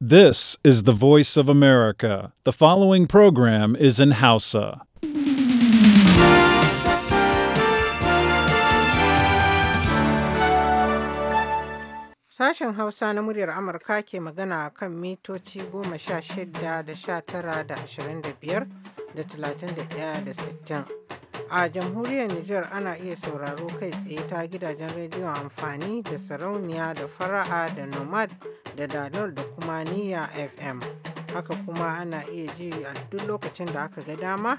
This is the voice of America. The following program is in Hausa. Sashen Hausa na muryar Amurka ke magana kan mitoci goma sha shida da sha tara da ashirin da biyar da talatin da ɗaya da sittin. A jamhuriyar Nijar ana iya sauraro kai tsaye ta gidajen rediyon amfani da sarauniya da fara'a da nomad da dalol da kuma niya FM. Haka kuma ana iya ji a duk lokacin da aka ga dama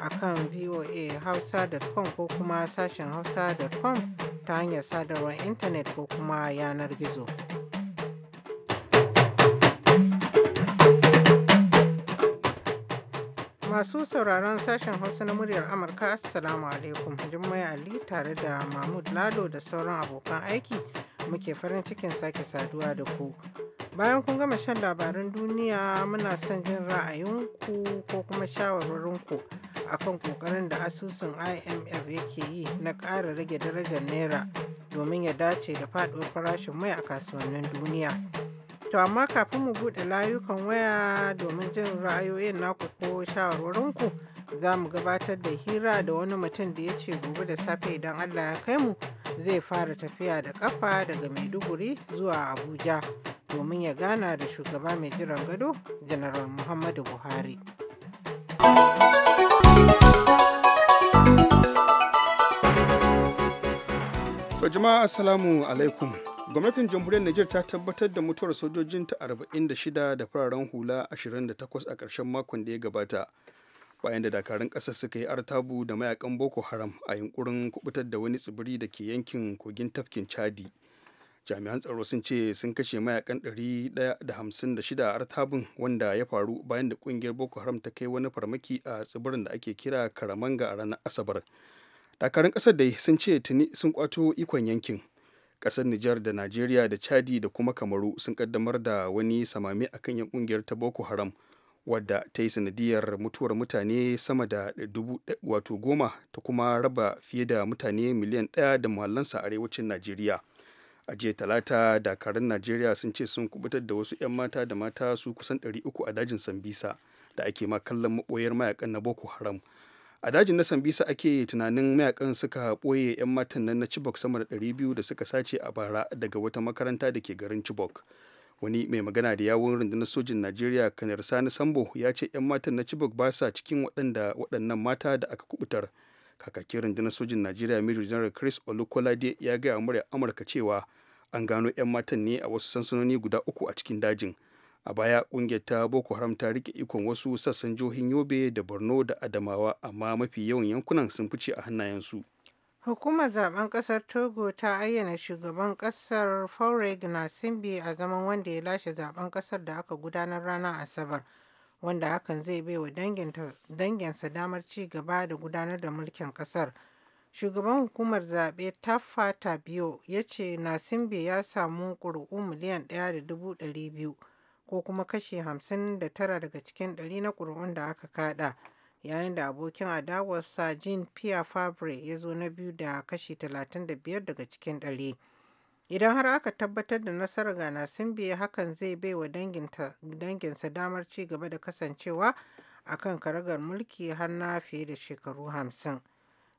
a kan VOA hausa.com ko kuma sashen hausa.com ta hanyar sadarwar intanet ko kuma yanar gizo. Masu sauraron sashen Hausa na muryar Amurka Assalamu alaikum Jummai Ali tare da Mahmud lado da sauran abokan aiki muke farin cikin sake saduwa da ku. Bayan kun gama shan labarin duniya muna son jin ra'ayinku ko kuma shawarwarinku akan kokarin da asusun IMF yake yi na ƙara rage darajar Naira domin ya dace da faɗuwar farashin mai a kasuwannin duniya. To amma kafin mu buɗe layukan waya domin jin ra'ayoyin naku ko shawarwarinku za mu gabatar da hira da wani mutum da ya ce gobe da safe idan Allah ya kai mu zai fara tafiya da ƙafa daga Maiduguri zuwa Abuja domin ya gana da shugaba mai jiran gado Janaral Muhammadu Buhari. To jama'a assalamu alaikum. gwamnatin jamhuriyar niger ta tabbatar da mutuwar sojojinta 46 da fararen hula 28 a karshen makon da ya gabata bayan da dakarun ƙasar suka yi artabu da mayakan boko haram a yunkurin kubutar da wani tsibiri da ke yankin kogin tafkin chadi jami'an tsaro sun ce sun kashe mayakan 156 a artabun wanda ya faru bayan da kungiyar boko haram ta kai wani farmaki a tsibirin da ake kira karamanga a ranar asabar dakarun ƙasar da sun ce tuni sun kwato ikon yankin kasar Nijar da Najeriya da Chadi da kuma Kamaru sun kaddamar da wani samami akan yan kungiyar ta Boko Haram wadda ta yi sanadiyar mutuwar mutane sama da dubu wato goma ta kuma raba fiye da mutane miliyan ɗaya da muhallansa a arewacin Najeriya. A jiya talata dakarun Najeriya sun ce sun kubutar da wasu 'yan mata da mata su kusan 300 a dajin Sambisa da ake ma kallon maboyar mayakan na Boko Haram. a dajin na sambisa ake tunanin mayakan suka ɓoye 'yan matan nan na chibok sama da 200 da suka sace a bara daga wata makaranta da ke garin chibok wani mai magana da yawon rundunar sojin najeriya kanar sani sambo ya ce 'yan matan na chibok ba sa cikin waɗanda waɗannan mata da aka kubutar kakakin rundunar sojin najeriya major general chris olukolade ya gaya murya amurka cewa an gano 'yan matan ne a wasu sansanoni guda uku a cikin dajin a baya kungiyar ta boko haram ta rike ikon wasu sassan jihohin yobe da borno da adamawa amma mafi yawan yankunan sun fice a hannayensu hukumar zaben kasar togo ta ayyana shugaban kasar faurig na simbi a zaman wanda ya lashe zaben kasar da aka gudanar ranar asabar wanda hakan zai bai wa danginsa damar ci gaba da gudanar da mulkin kasar shugaban hukumar zaɓe taffa biyo ya ce nasimbe ya samu ƙuri'u miliyan ɗaya ko kuma kashi tara daga cikin ɗari na ƙuri'un da aka kada yayin da abokin adawarsa jean pierre fabre ya zo na biyu da kashi biyar daga cikin ɗari. idan har aka tabbatar da nasarar gana sun biye hakan zai bai wa danginsa damar ci gaba da kasancewa a kan karagar mulki har na fiye da shekaru hamsin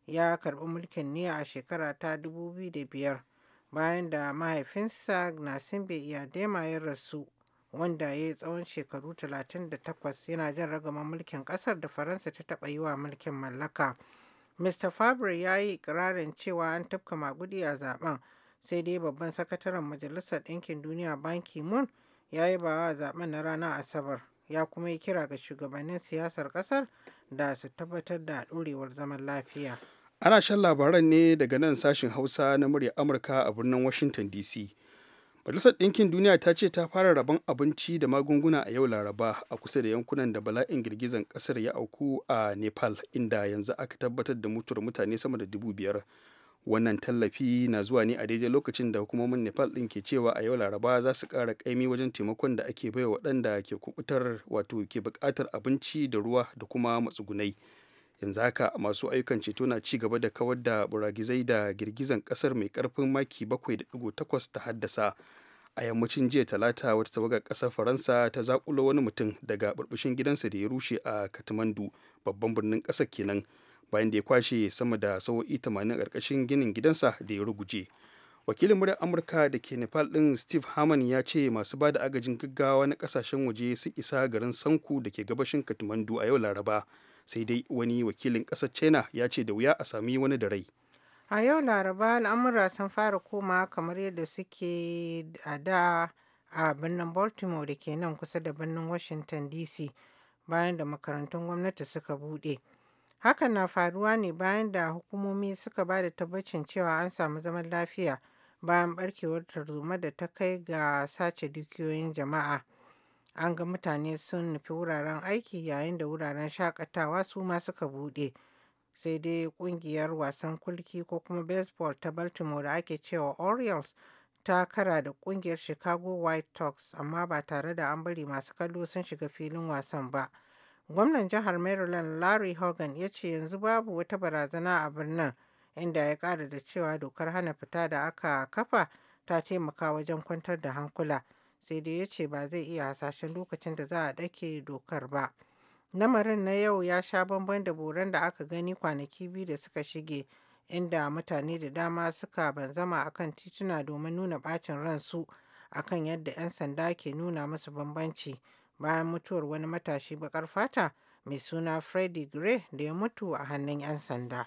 ya karbi mulkin ne a shekara ta 2005 bayan da mahaifinsa na simbe dema ya rasu wanda ya yi tsawon shekaru 38 yana jan ragaman mulkin kasar da faransa ta taɓa yi wa mulkin mallaka mr fabre ya yi ikirarin cewa an tafka magudi a zaben sai dai babban sakataren majalisar ɗinkin duniya banki moon ya yi bawa zaben na rana asabar ya kuma yi kira ga shugabannin siyasar kasar da su tabbatar da ɗorewar zaman lafiya ana shan labaran ne daga nan sashin hausa na murya amurka a birnin washington dc majalisar ɗinkin duniya ta ce ta fara rabon abinci da magunguna a yau laraba a kusa da yankunan da bala'in girgizan ƙasar ya auku a nepal inda yanzu aka tabbatar da mutuwar mutane sama da dubu biyar wannan tallafi na zuwa ne a daidai lokacin da hukumomin nepal ɗin ke cewa a yau laraba za su ƙara ƙaimi wajen taimakon da ake baiwa waɗanda ke kubutar wato ke buƙatar abinci da ruwa da kuma matsugunai yanzu haka masu ayyukan ceto na ci gaba da kawar da buragizai da girgizan kasar mai karfin maki 7.8 ta haddasa a yammacin jiya talata wata tawagar kasar faransa ta zakulo wani mutum daga burbushin gidansa da ya rushe a katimandu babban birnin kasar kenan bayan da ya kwashe sama da sawo'i 80 karkashin ginin gidansa da ya ruguje wakilin murya amurka da ke nepal din steve harman ya ce masu ba da agajin gaggawa na kasashen waje sun isa garin sanku da ke gabashin katimandu a yau laraba sai dai wani wakilin ƙasar china ya ce da wuya a sami wani da rai a yau laraba al'amura sun fara koma kamar yadda suke a da a birnin baltimore da ke nan kusa da birnin washington dc bayan da makarantun gwamnati suka bude hakan na faruwa ne bayan da hukumomi suka ba da tabbacin cewa an samu zaman lafiya bayan barkewar tarzoma da ta kai ga sace dukiyoyin jama'a an ga mutane sun nufi wuraren aiki yayin da wuraren shakatawa su ma suka bude sai dai kungiyar wasan kulki ko kuma baseball ta baltimore ake cewa orioles ta kara da kungiyar chicago white sox amma ba tare da an bari masu kallo sun shiga filin wasan ba gwamnan jihar maryland larry hogan ya ce yanzu babu wata barazana a birnin inda ya kara da cewa dokar hana fita da aka kafa ta taimaka wajen kwantar da hankula. sai dai ya ce ba zai iya hasashen lokacin da za a ɗake dokar ba lamarin na yau ya sha bamban da boran da aka gani kwanaki biyu da suka shige inda mutane da dama suka banzama akan tituna domin nuna bacin ransu akan yadda 'yan sanda ke nuna musu bambanci bayan mutuwar wani matashi bakar fata mai suna freddy gray da ya mutu a hannun 'yan sanda.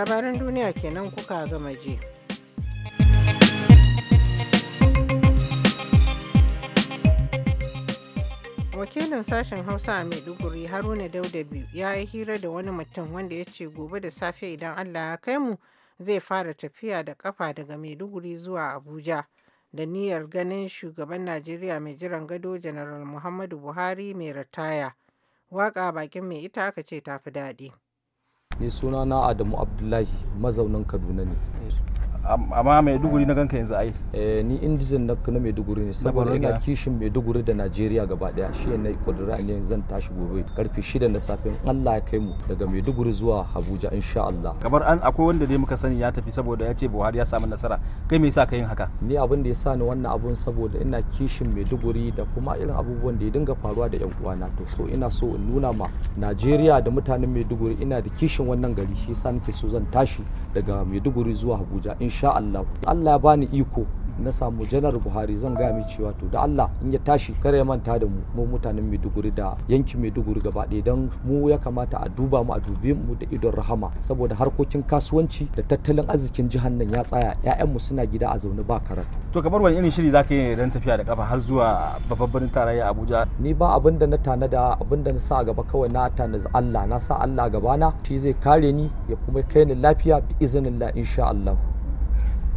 labaran duniya kenan kuka gama ji. wakilin sashen hausa a maiduguri haruna daudabi ya yi hira da wani mutum wanda ya ce gobe da safe idan allah ya kai mu zai fara tafiya da kafa daga maiduguri zuwa abuja da niyyar ganin shugaban najeriya mai jiran gado janaral muhammadu buhari mai rataya waka bakin mai ita aka ce tafi daɗi ni sunana adamu abdullahi mazaunin kaduna ne eh, amma maiduguri na ganka yanzu ai eh ni indizin na na maiduguri ne saboda ina kishin maiduguri da najeriya gaba daya shi ne kudura ne zan tashi gobe karfe 6 na safe allah ya kai mu daga maiduguri zuwa abuja insha allah kamar an akwai wanda dai muka sani ya tafi saboda ya ce buhari ya samu nasara kai me yasa ka yin haka ni abin da ya sa ni wannan abun saboda ina kishin maiduguri da kuma irin abubuwan da ya dinga faruwa da yan uwana to so ina so in nuna ma najeriya da mutanen maiduguri ina da kishin wannan gari shi yasa nake so zan tashi daga maiduguri zuwa abuja insha Allah Allah ya bani iko na samu janar buhari zan gaya mi cewa to da allah in ya tashi kar ya manta da mu mu mutanen maiduguri da yankin maiduguri gaba ɗaya don mu ya kamata a duba mu a dubi mu da idon rahama saboda harkokin kasuwanci da tattalin arzikin jihar nan ya tsaya ƴaƴanmu suna gida a zaune ba karatu to kamar wani irin shiri zaka yi don tafiya da kafa har zuwa babban tarayya abuja ni ba abin da na tanada abin da na sa gaba kawai na tanada allah na sa allah gabana shi zai kare ni ya kuma kai ni lafiya bi iznillah insha allah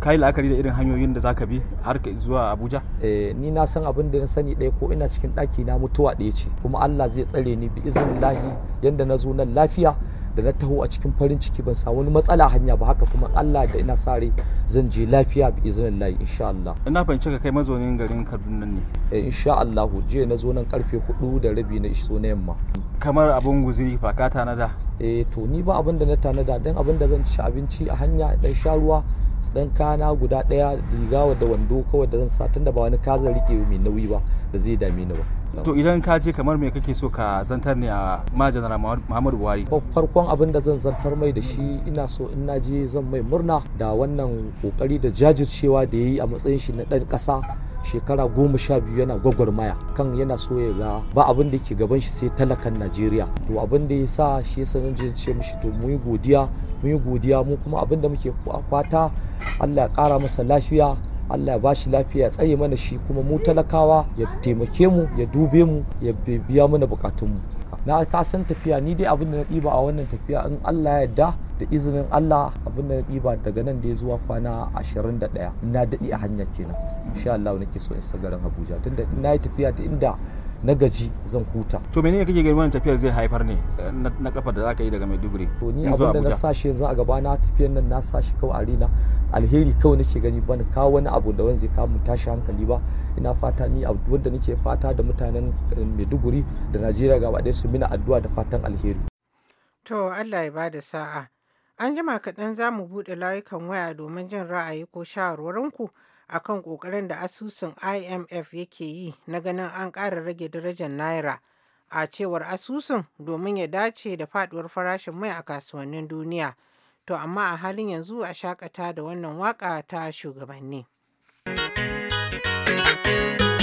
ka yi la'akari da irin hanyoyin da zaka bi har ka zuwa abuja eh ni na san abin da na sani ɗaya ko ina cikin ɗaki na mutuwa ɗaya ce kuma allah zai tsare ni bi izin lahi yadda na zo nan lafiya da na taho a cikin farin ciki ban sa wani matsala hanya ba haka kuma Allah da ina sare zan je lafiya bi izinin lahi insha Allah ina fahimci ka kai mazaunin garin Kaduna ne eh insha Allah jiya na zo nan karfe hudu da rabi na iso na yamma kamar abun guziri fa ka tanada eh to ni ba abin da na tanada dan abin da zan ci abinci a hanya dan sha ruwa dan kana guda daya riga wadda wando kawai da zan sa tunda ba wani kazan rike mai nauyi ba da zai dame ni ba to idan ka je kamar me kake so ka zantar ne a ma general muhammadu buhari farkon abin da zan zantar mai da shi ina so in na je zan mai murna da wannan kokari da jajircewa da yayi a matsayin shi na dan kasa shekara goma sha biyu yana gwagwarmaya kan yana so ya ga ba abin da ke gaban shi sai talakan najeriya to abin da ya sa shi ya sanar da ce mishi to mu yi godiya mu yi godiya mu kuma abin da muke fata allah ya kara masa lafiya Allah ya ba shi lafiya tsaye mana shi kuma mu talakawa ya taimake mu ya dube mu ya biya mana bukatunmu na ka san tafiya ni dai abin da na ɗiba a wannan tafiya in Allah ya da da izinin Allah abin da na ɗiba daga nan da ya zuwa kwana 21 na daɗi a hanya kenan insha Allah nake so in garin Abuja tunda na yi tafiya ta inda na gaji zan huta to menene kake ganin wannan tafiyar zai haifar ne eh, na kafa da zaka yi daga Maiduguri to ni abin da na sashi yanzu a gaba na tafiyar nan na sashi kawai a rina alheri kawai nake gani ban kawo wani abu da wani zai kawo mun tashi hankali ba ina fata ni wanda nake fata da mutanen eh, maiduguri da najeriya gaba ɗaya su mina addu'a da fatan alheri to allah ya bada sa'a an jima kaɗan za mu buɗe layukan waya domin jin ra'ayi ko a kan ƙoƙarin da asusun imf yake yi na ganin an ƙara rage darajar naira a cewar asusun domin ya dace da faɗuwar farashin mai a kasuwannin duniya to amma a halin yanzu a shakata da wannan waka ta shugabanni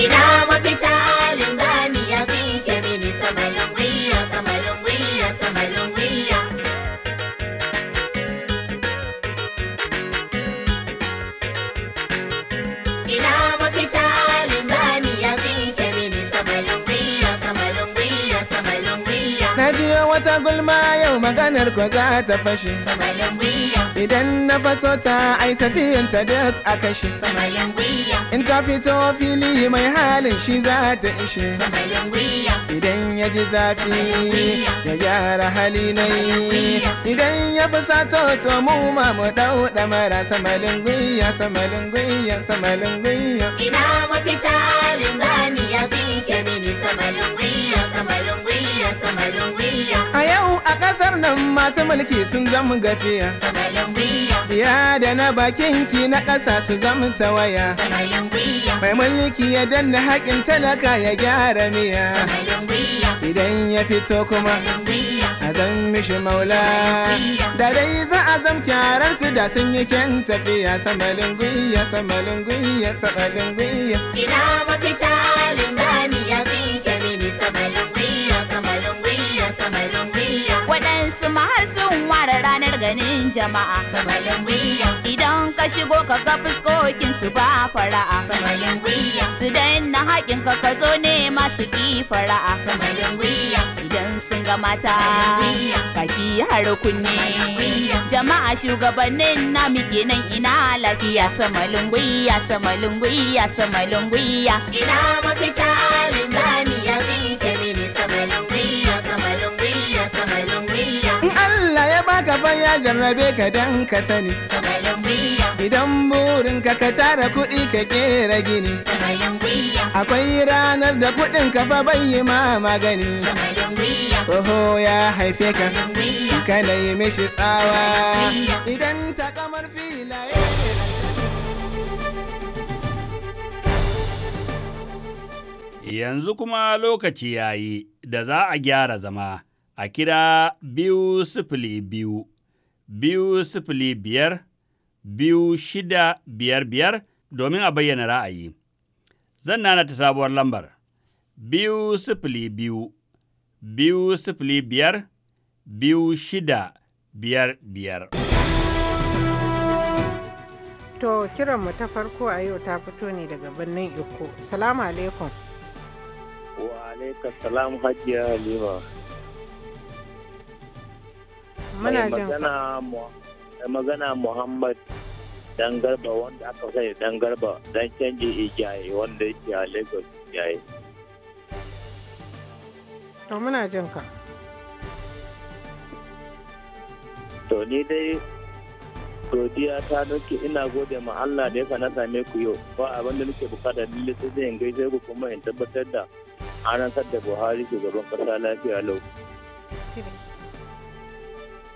Ina mafita linzamiya maganar ko za ta fashe idan na faso ta ai safiyan ta duk a kashe in ta fito fili mai halin shi za ta ishe idan ya ji zafi ya gyara hali na yi idan ya fi sato to mu ma mu dau damara samalin gwiya samalin gwiya samalin gwiya ina mafita linzani ya zinke mini samalin gwiya samalin gwiya samalin gwiya a ƙasar nan masu mulki sun zama gafiya ya da na bakin ki na ƙasa su zama tawaya mai mulki ya danna haƙin talaka ya gyara miya idan ya fito kuma azan mishi maula da dai za a zam kyarar su da sun yi kyan tafiya samalin guyya samalin guyya samalin guyya. ina mafita ganin jama'a samalin wiya idan ka shigo ka ga fuskokin su ba fara'a samalin wiya su danna haƙin ka ka zo ne masu ki fara'a samalin wiya idan sun ga mata ki har kunne jama'a shugabannin na muke nan ina lafiya samalin wiya samalin wiya samalin wiya ina mafita jarrabe ka dan ka sani idan burin ka ka tara kuɗi ka kera gini akwai ranar da kuɗin ka fa bai ma magani tsoho ya haife ka na yi mishi tsawa idan ta kamar filaye yanzu kuma lokaci ya yi da za a gyara zama a kira biyu sifili biyu biyu sifili biyar biyu shida biyar biyar domin a bayyana ra'ayi. Zan nana ta sabuwar lambar biyu sifili biyu biyu sifili biyar biyu shida biyar biyar. To kiranmu ta farko a yau ta fito ne daga birnin Iko. Salamu alaikum. Wa alaikum salam hajiya Halima. muna magana Muhammad dan garba wanda aka sani dan garba dan canji ijaye wanda yake a Lagos ijaye To muna jin ka. To ni dai godiya ta nake ina gode ma Allah da yasa na same ku yau ba abin da nake bukata lille sai zai gaishe ku kuma in tabbatar da an rantsar da Buhari shugaban kasa lafiya lau.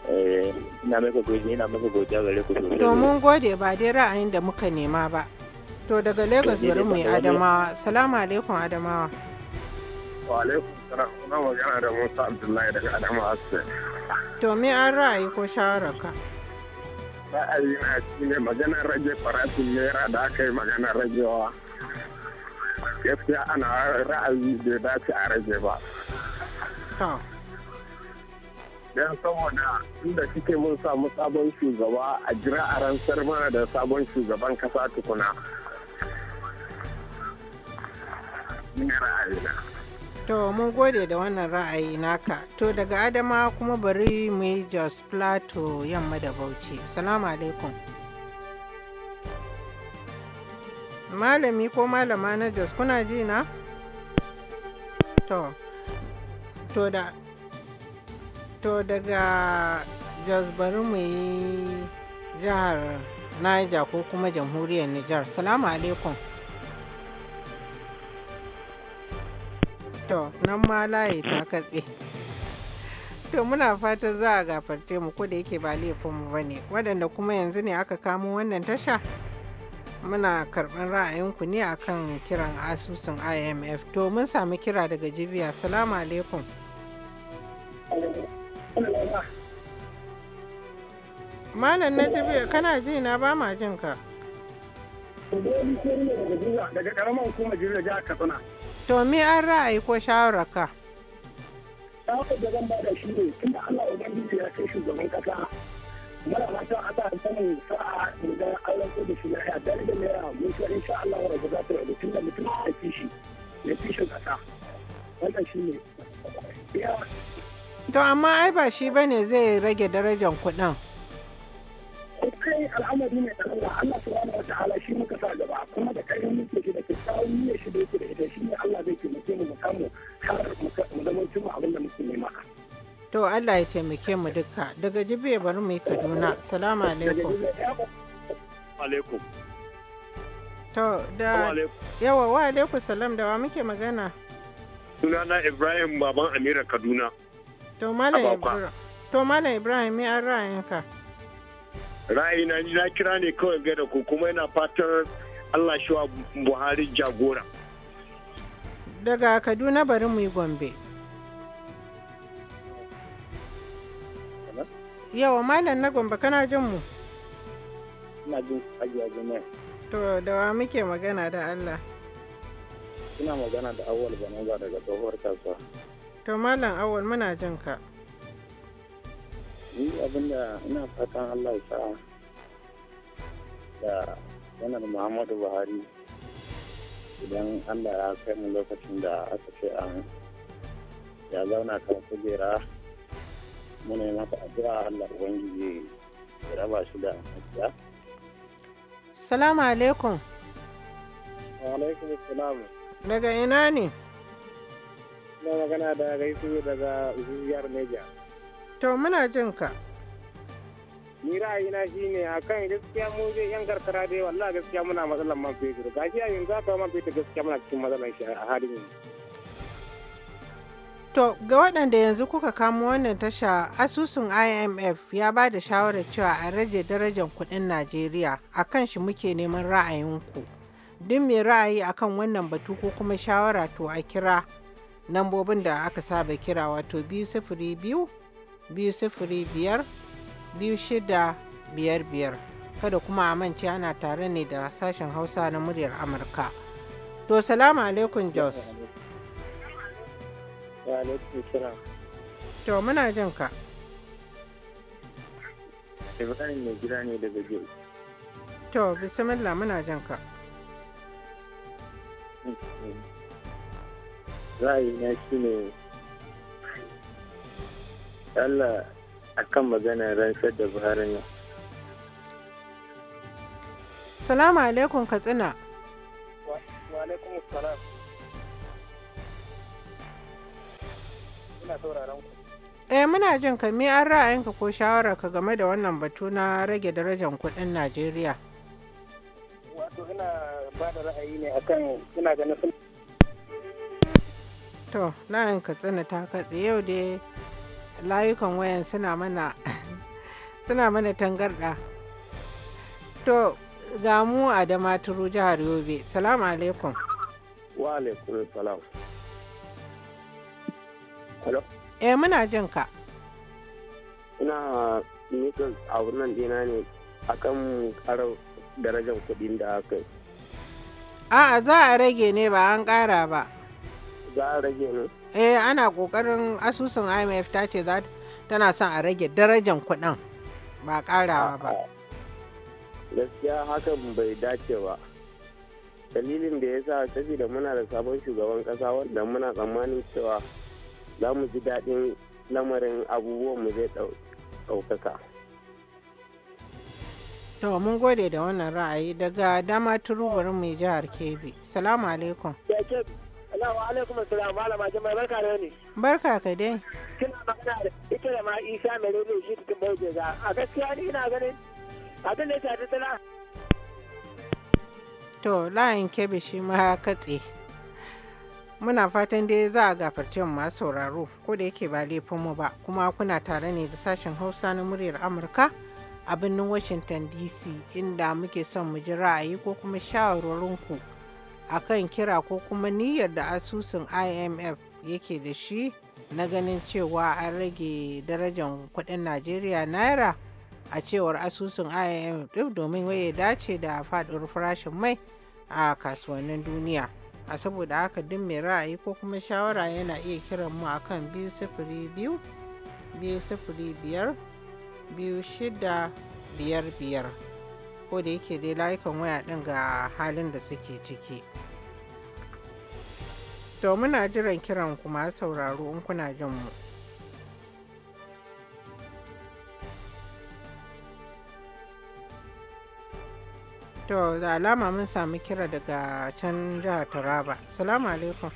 Eh, ina maka godiya ina maka sosai to mun gode ba dai ra'ayin da muka nema ba to daga Lagos bari mu yi Adamawa salamu alaikum Adamawa wa alaikum salam na magana da Musa Abdullahi daga Adamawa to me an ra'ayi ko shawararka ra'ayi na ne magana rage farashin naira da aka yi magana ragewa gaskiya ana ra'ayi bai dace a rage ba don saboda inda suke mun samu sabon shugaba a jira a rantsar mana da sabon shugaban kasa tukuna. To mun gode da wannan ra'ayi naka. To daga Adama kuma bari mu yi Jos Plato yamma da Bauchi. Salamu alaikum. Malami ko malama na Jos kuna ji na? To, to da fito daga jos bari mu jihar niger ko kuma jamhuriyar niger salamu alaikum to nan ma layi ta katse to muna fata za a gafarce mu ko da yake ba laifinmu ba ne waɗanda kuma yanzu ne aka kamo wannan tasha muna karɓar ra'ayinku ne akan kiran asusun imf to mun sami kira daga jibiya salamu alaikum Malam na jibi kana ji na ba ma jin ka. Daga karamar hukumar jirgin jihar Katsina. To me an ra'ayi ko shawarar ka? Shawarar da zan bada shi ne tunda Allah Ubangiji ya kai shugaban kasa. Mara fatan a ya sani sa'a da Allah ko da shi ya yarda da naira mun so insha Allah wa zaza za ta rabu tunda mutum ya fi shi ya fi shi kasa. Wannan shi ne. To amma ai ba shi ba ne zai rage darajar kuɗin. kai al'amari ne da Allah Allah subhanahu wataala shi muka sa gaba kuma da kai muke shi da kyakkyawan niyyar shi da yake da ita ne Allah zai taimake mu mu samu har mu zama cimma abin da muke nema to Allah ya taimake mu duka daga jibe bari mu yi Kaduna salamu alaikum alaikum to da yawa wa alaikum salam da wa muke magana sunana Ibrahim baban Amira Kaduna To Malam Ibrahim, to Malam Ibrahim me an ra'ayinka? Ra'ayina ni na kira ne kawai ga da ku kuma yana fatar Allah shi wa Buhari jagora. Daga Kaduna bari mu yi Gombe. Yawa Malam na Gombe kana jin mu? Ina jin ajiya To da wa muke magana da Allah? Ina magana da awal bananga daga tsohuwar kasuwa. To Malam Awal muna jin ka. Ni abinda ina fatan Allah ya sa da sanar Muhammadu Buhari idan Allah ya kai mu lokacin da aka ce an ya zauna kan kujera muna yi maka addu'a Allah Ubangiji ya raba shi da hajiya. Salamu alaikum. Wa alaikum salam. Daga ina ne? na magana da gaisu daga jihar Neja. To muna jin ka. Ni ra'ayina shi ne a kan gaskiya mu zai yan karkara dai wallah gaskiya muna matsalar man fetur. Ga shi a yanzu aka man fetur gaskiya muna cikin matsalar shi a halin yanzu. To ga waɗanda yanzu kuka kamo wannan tasha asusun IMF ya ba da shawarar cewa a rage darajar kuɗin Najeriya a kan shi muke neman ra'ayinku. Duk mai ra'ayi akan wannan batu ko kuma shawara to a kira lambobin da aka saba kira wato biyu sifiri biyu biyu sifiri biyar biyu shida biyar biyar kada kuma a mance ana tare ne da sashen hausa na muryar amurka to salamu alaikum jos to muna jin ka ibrahim mai gida ne daga jos to bismillah muna jin ka mm, mm. ra'ayina shi ne Allah a kan magana rantsar da buhari ne. Salamu alaikum Katsina. Wa alaikum salam. Ina sauraron ku. Eh muna jin ka me an ra'ayinka ko shawararka game da wannan batu na rage darajar kuɗin Najeriya. Wato ina ba da ra'ayi ne akan ina ganin to ka katsina ta katse yau dai layukan wayan suna mana suna mana tangarda to ga mu da maturu jihar yobe salamu alaikum wa alaikum salam Hello? eh muna jin ka ina mika a nan dina ne akan karar darajar kudin da aka yi a'a za a rage ne ba an kara ba za a rage Eh ana kokarin asusun IMF ta ce za tana son a rage darajan kuɗin ba karawa ba. Gaskiya hakan bai dace ba. Dalilin da ya sa saboda muna da sabon shugaban kasa wanda muna tsammanin cewa za mu ji daɗin lamarin abubuwan mu zai ɗaukaka. To mun gode da wannan ra'ayi daga dama turu bari jihar Kebbi. Salamu alaikum. Salamu alaikum salam malama jama'a barka da ne. Barka ka dai. Kina magana da ita da ma Isa mai rediyo shi cikin bai ga a gaskiya ni ina ganin abin da ya shafi sana'a to layin kebe shi ma katse muna fatan dai za a gafarci masu sauraro ko da yake ba laifinmu ba kuma kuna tare ne da sashen hausa na muryar amurka a birnin washington dc inda muke son mu ji ra'ayi ko kuma shawarwarinku akan kira ko kuma niyyar da asusun imf yake da shi na ganin cewa an rage darajan kudin najeriya naira a cewar asusun imf ɗin domin waye dace da faɗuwar farashin mai a kasuwannin duniya a saboda haka duk mai ra'ayi ko kuma shawara yana iya kiran mu akan biyu sifiri biyu biyu sifiri biyar biyu shida biyar biyar ko da yake dai layukan waya din ga halin da suke ciki to muna jiran kiran kuma sauraro in kuna jin mu to da alama mun sami kira daga can jihar taraba salamu alaikum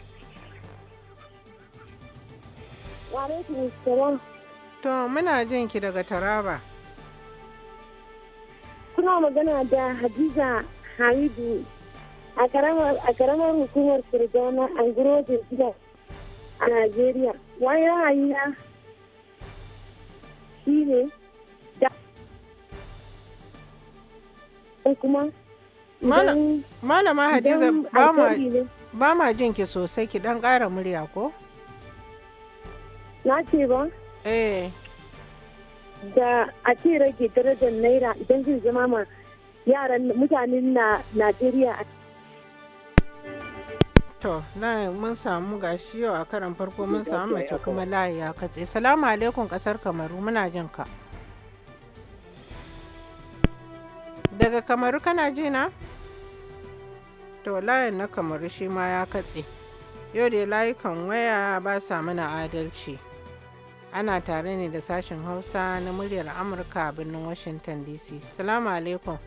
wa alaikum to muna jin ki daga taraba kuma magana da Hadiza Hamidu a karamar hukumar Kirgana a Gurojin Gida a Najeriya. Wani ra'ayi na shi ne da kuma Malama Hadiza ba ma jin ki sosai ki dan ƙara murya ko? Na ce ba? Eh. da a ce rage darajar naira idan zai zama ma yaran mutanen na najeriya a to na mun samu gashi yau a karan farko mun samu mace kuma layi ya katse salamu alaikum kasar kamaru muna jin ka daga kamaru kana ji na to layin na kamaru shi ma ya katse yau dai layukan waya ba sa mana adalci ana tare ne da sashen hausa na muryar amurka a birnin washington dc salamu alaikum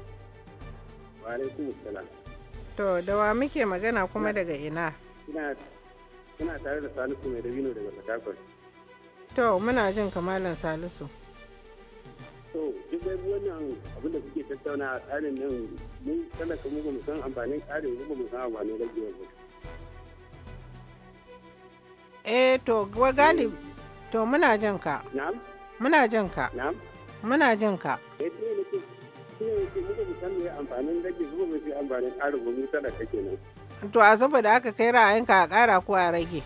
to da wa muke magana kuma daga ina ina tare da salisu mai dabino daga fatakwal to muna jin kamalan salisu to duk da wannan abin da kuke tattauna a tsarin nan mun talaka kuma ba mu san amfanin tsarin mu ba mu san amfanin rage ba eh to galibi To muna jin ka. Na'am. Muna jin ka. Na'am. Muna jin ka. To a saboda aka kai ra'ayinka a ƙara ko a rage?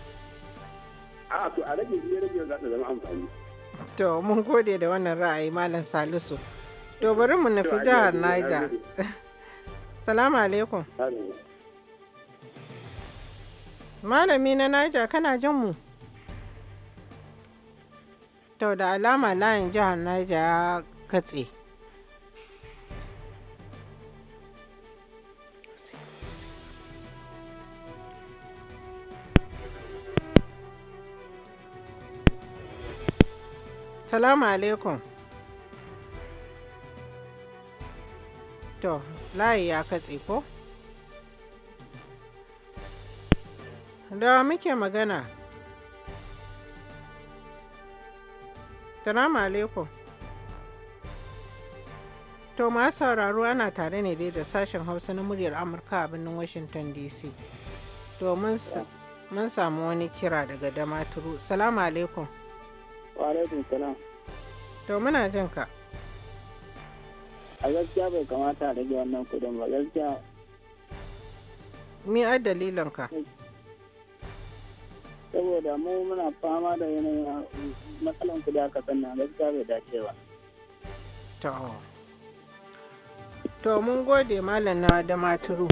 A'a to a rage ne rage za ta zama amfani. To mun gode da wannan ra'ayi Malam Salisu. To bari mu nufi jihar Niger. Salamu alaikum. Malami na Niger kana jin mu? To da alama layin jihar Niger ya katse. Salamu alaikum. To, layi ya katse ko? Da muke magana. Salamu alaikum. To masu sauraro ana tare ne dai da sashen Hausa na muryar Amurka a birnin Washington DC. To mun samu wani kira daga Damaturu. Salamu alaikum. Wa alaikum salam. To muna jin ka. A gaskiya bai kamata a rage wannan kudin ba gaskiya. Me a dalilanka? ka? saboda mu muna fama da yanayin ah, matsalan kuɗi a ƙasar nan gaskiya bai dace ba. To mun gode malam na da maturu.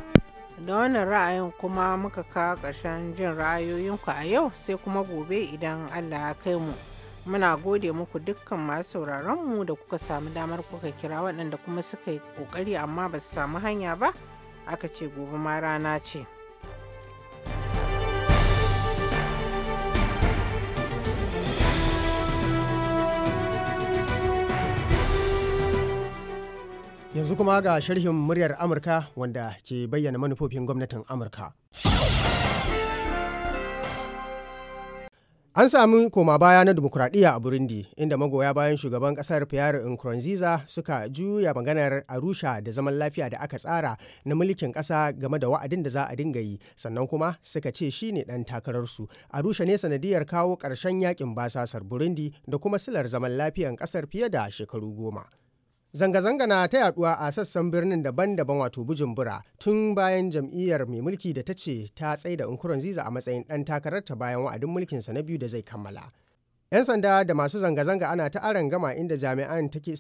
Da wannan ra'ayin kuma muka kawo ƙarshen jin ra'ayoyinku a yau sai kuma gobe idan Allah ya kai mu. Muna gode muku dukkan masu sauraron mu da kuka samu damar kuka kira waɗanda kuma suka yi ƙoƙari amma ba su samu hanya ba, aka ce gobe ma rana ce. Yanzu kuma ga sharhin muryar Amurka wanda ke bayyana manufofin gwamnatin Amurka. An sami koma baya na demokuraɗiyya a Burundi, inda magoya bayan shugaban ƙasar Pierre Nkurunziza suka juya maganar Arusha da zaman lafiya da aka tsara na mulkin ƙasa game da wa'adin da za a dinga yi, sannan kuma suka ce shi ne ɗan takararsu. Arusha ne sanadiyar kawo ƙarshen yakin basasar Burundi da kuma silar zaman lafiyan ƙasar fiye da shekaru goma. Zanga-zanga na ta yaduwa a sassan birnin daban-daban wato Bujumbura tun bayan jam'iyyar mai mulki da ta ce ta tsai da Nkurunziza a matsayin ɗan takararta bayan wa'adin mulkinsa na biyu da zai kammala. 'Yan sanda da masu zanga-zanga ana ta gama inda jami'an take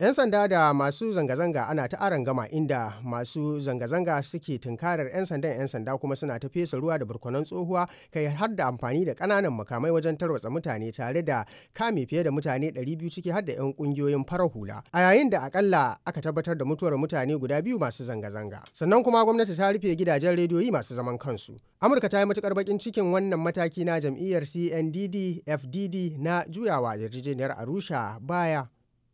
'Yan sanda da masu zanga-zanga ana ta aran gama inda masu zanga-zanga suke tunkarar 'yan sandan 'yan sanda kuma suna ta fesa ruwa da barkonon tsohuwa kai har da amfani da kananan makamai wajen tarwatsa mutane tare da kame fiye da mutane 200 ciki har da 'yan kungiyoyin farar hula. A yayin da akalla aka tabbatar da mutuwar mutane guda biyu masu zanga-zanga. Sannan kuma gwamnati ta rufe gidajen rediyoyi masu zaman kansu. Amurka ta yi matukar bakin cikin wannan mataki na jam'iyyar CNDD-FDD na juyawa yarjejeniyar Arusha baya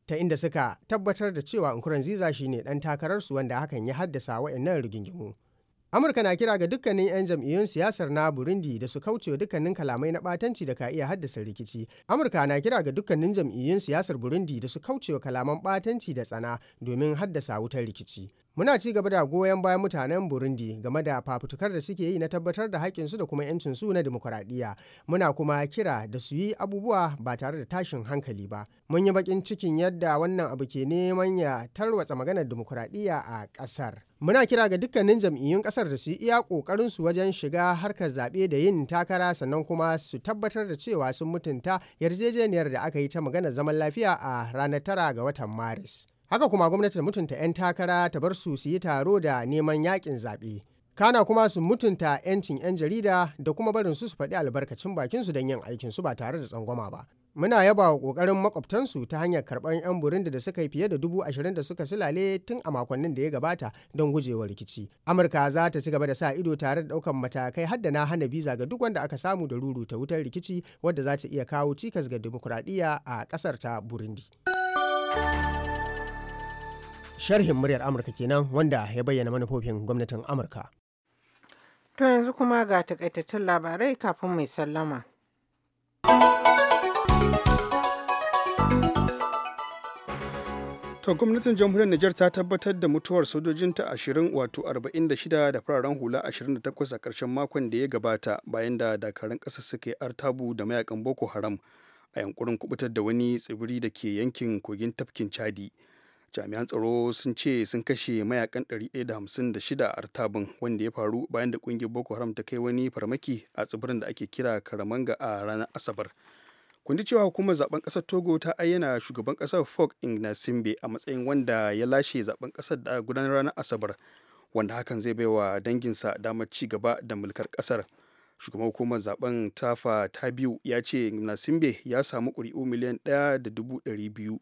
ta inda suka tabbatar da cewa Nkurunziza ne dan takararsu wanda hakan ya haddasa waɗannan rigingimu. Amurka na kira ga dukkanin 'yan jam'iyyun siyasar na Burundi da su kaucewa dukkanin kalamai na batanci da ka iya haddasa rikici. Amurka na kira ga dukkanin jam'iyyun siyasar Burundi da su kauce wa kalaman batanci da tsana domin haddasa wutar rikici. muna ci gaba da goyon bayan mutanen burundi game da fafutukar da suke yi na tabbatar da haƙƙinsu da kuma 'yancinsu na demokuraɗiyya muna kuma kira da su yi abubuwa ba tare da tashin hankali ba mun yi baƙin cikin yadda wannan abu ke neman ya tarwatsa maganar demokuraɗiyya a ƙasar muna kira ga dukkanin jam'iyyun ƙasar da su yi iya kokarin su wajen shiga harkar zaɓe da yin takara sannan kuma su tabbatar da cewa sun mutunta yarjejeniyar da aka yi ta maganar zaman lafiya a ranar tara ga watan maris haka kuma gwamnati ta mutunta 'yan takara ta bar su su yi taro da neman yakin zaɓe kana kuma su mutunta 'yancin 'yan jarida da kuma barin su su faɗi albarkacin bakinsu don yin aikin su ba tare da tsangwama ba muna yaba wa kokarin makwabtansu ta hanyar karɓar 'yan burundi da suka yi fiye da dubu ashirin da suka silale tun a makonnin da ya gabata don gujewa rikici amurka za ta ci gaba da sa ido tare da ɗaukan matakai hadda na hana biza ga duk wanda aka samu da ta wutar rikici wadda za ta iya kawo cikas ga dimokuraɗiyya a ƙasar ta burundi sharhin muryar amurka kenan wanda ya bayyana manufofin gwamnatin amurka to yanzu kuma ga takaitattun labarai kafin mai sallama To gwamnatin jamhuriyar Nijar ta tabbatar da mutuwar sojojinta 20 wato 46 da fararen hula 28 a ƙarshen makon da ya gabata bayan da dakarun ƙasa suka yi artabu da mayakan Boko Haram a yankurin kubutar da wani tsibiri da ke yankin kogin tafkin Chadi. jami'an tsaro sun ce sun kashe mayakan 156 a artabin wanda ya faru bayan da kungiyar boko haram ta kai wani farmaki a tsibirin da ake kira karamanga a ranar asabar kundi cewa hukumar zaben kasar togo ta ayyana shugaban kasar fok ingnasimbe a matsayin wanda ya lashe zaben kasar da gudanar ranar asabar wanda hakan zai bai baiwa danginsa damar ci gaba da mulkar kasar shugaban hukumar zaben tafa ta biyu ya ce nasimbe ya samu ƙuri'u miliyan ɗaya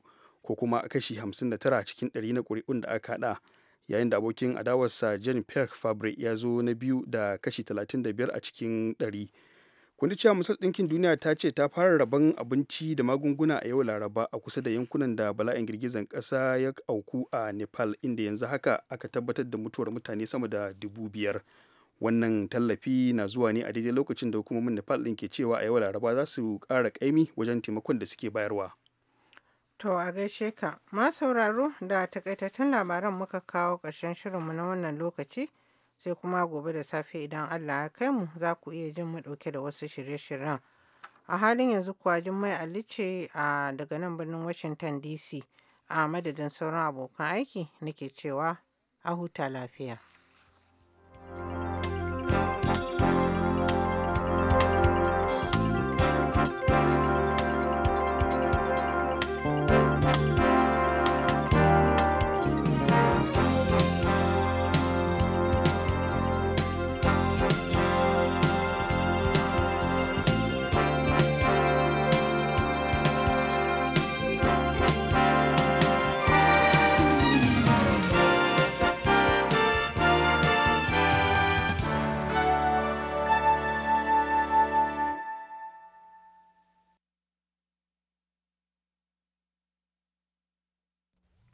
ko kuma kashi 59 cikin 100 na ƙuri'un da aka haɗa yayin da abokin adawarsa jan perk fabre ya zo na biyu da kashi 35 a cikin 100 kundi cewa masar ɗinkin duniya ta ce ta fara rabon abinci da magunguna a yau laraba a kusa da yankunan da bala'in girgizan ƙasa ya auku a nepal inda yanzu haka aka tabbatar da mutuwar mutane sama da dubu biyar wannan tallafi na zuwa ne a daidai lokacin da hukumomin nepal ɗin ke cewa a yau laraba za su ƙara ƙaimi wajen taimakon da suke bayarwa To a gaishe ka, ma sauraro da takaitattun labaran muka kawo ƙarshen shirinmu na wannan lokaci sai kuma gobe da safe idan Allah ya kai mu za ku iya jin mu ɗauke da wasu shirye-shiryen. A halin yanzu kuwa Jummai Ali ce a daga nan birnin Washington DC a madadin sauran abokan aiki nake cewa a huta lafiya.